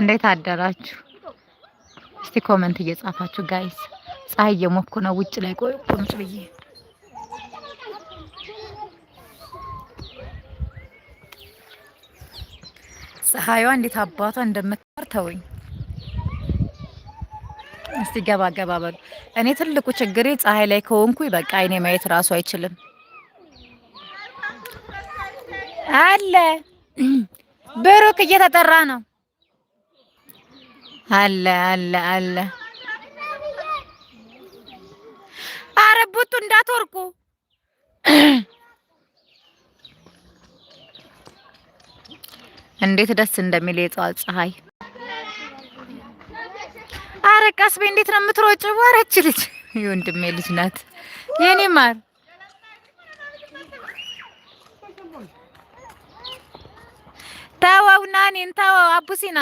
እንዴት አደራችሁ? እስቲ ኮመንት እየጻፋችሁ ጋይስ። ፀሐይ እየሞኩ ነው ውጭ ላይ ቆይ ቁምጭ ብዬ ፀሐይዋ እንዴት አባቷ እንደምታር ተወኝ። እስቲ ገባ ገባ በሉ። እኔ ትልቁ ችግሬ ፀሐይ ላይ ከሆንኩ በቃ አይኔ ማየት ራሱ አይችልም። አለ ብሩክ እየተጠራ ነው። አለ አለ አለ። አረ ቡቱ እንዳትወርቁ። እንዴት ደስ እንደሚል የጠዋት ፀሐይ። አረ ቀስቤ እንዴት ነው የምትሮጭው? አረች ልጅ የወንድሜ ልጅ ናት የኔ ማር ተወው ናኒን ተወው አቡሲና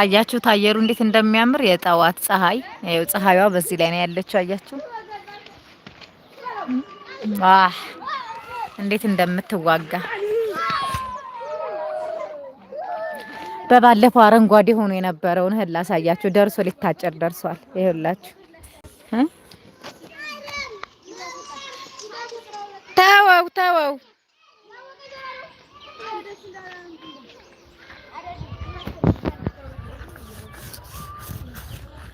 አያችሁት አየሩ እንዴት እንደሚያምር የጠዋት ፀሐይ ያው ፀሐይዋ በዚህ ላይ ነው ያለችው። አያችሁ ዋህ እንዴት እንደምትዋጋ በባለፈው አረንጓዴ ሆኖ የነበረውን እህል ላሳያችሁ። ደርሶ ሊታጨር ደርሷል። ይኸውላችሁ ተወው ተወው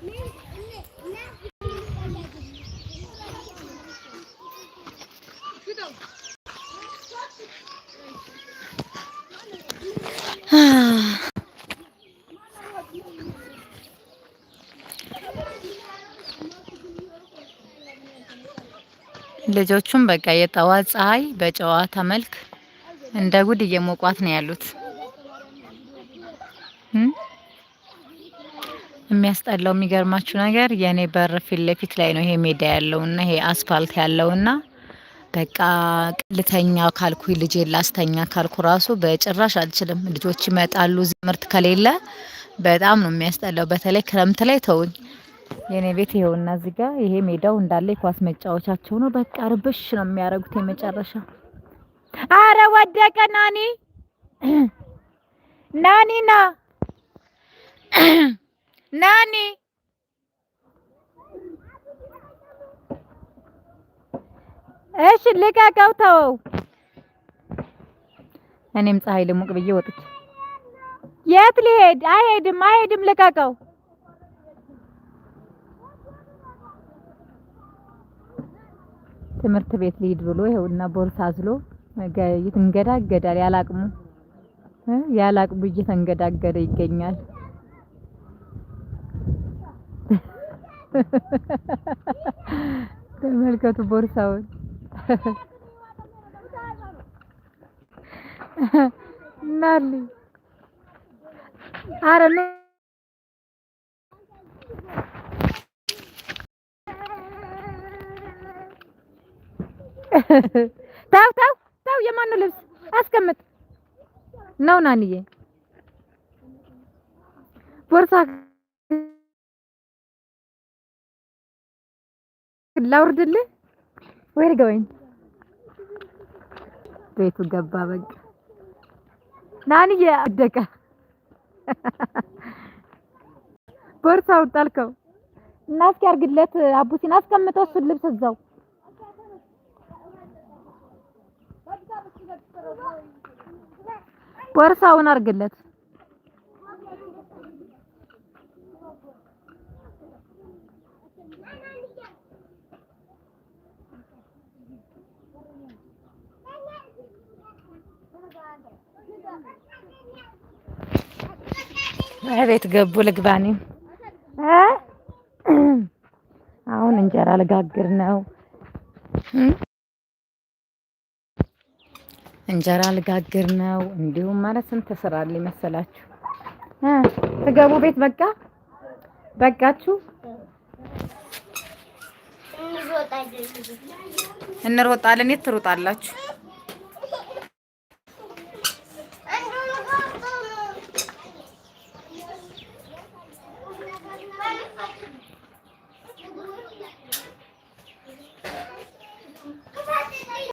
ልጆቹም በቃ የጠዋት ፀሐይ በጨዋታ መልክ እንደ ጉድ እየሞቋት ነው ያሉት። የሚያስጠላው የሚገርማችሁ ነገር የእኔ በር ፊት ለፊት ላይ ነው ይሄ ሜዳ ያለውና ይሄ አስፋልት ያለውና በቃ ልተኛ ካልኩ ልጄ ላስተኛ ካልኩ ራሱ በጭራሽ አልችልም። ልጆች ይመጣሉ። ምርት ከሌለ በጣም ነው የሚያስጠላው። በተለይ ክረምት ላይ ተውኝ። የኔ ቤት ይሄውና እዚህ ጋር ይሄ ሜዳው እንዳለ የኳስ መጫወቻቸው ነው። በቃ ርብሽ ነው የሚያደርጉት የመጨረሻ። አረ ወደቀ። ናኒ ናኒና Nani? እሺ ልቀቀው፣ ተወው። እኔም ፀሐይ ልሙቅ ብዬ ወጥቼ የት ሊሄድ? አይሄድም፣ አይሄድም፣ ልቀቀው። ትምህርት ቤት ሊሄድ ብሎ ይኸውና ቦርሳ አዝሎ ይንገዳገዳል። ያላቅሙ ያላቅሙ እየተንገዳገደ ይገኛል። ተመልከቱ ቦርሳውን። ናሊ አረ ታው ታው ታው የማነው ልብስ አስቀምጥ ነው ናንዬ ቦርሳ ላውርድልህ ወይ ልገበኝ? ቤቱ ገባ። በቃ ናንዬ አደቀ። ቦርሳውን ጣልከው እና እስኪ አድርግለት። አቡሲን አስቀምጠው እሱን ልብስ እዛው ቦርሳውን አድርግለት። ቤት ገቡ። ልግባኒ አሁን እንጀራ ልጋግር ነው። እንጀራ ልጋግር ነው። እንዲሁም ማለት ስንት ስራ አለ መሰላችሁ? ትገቡ ቤት በቃ በቃችሁ። እንሮጣለን። የት ትሮጣላችሁ?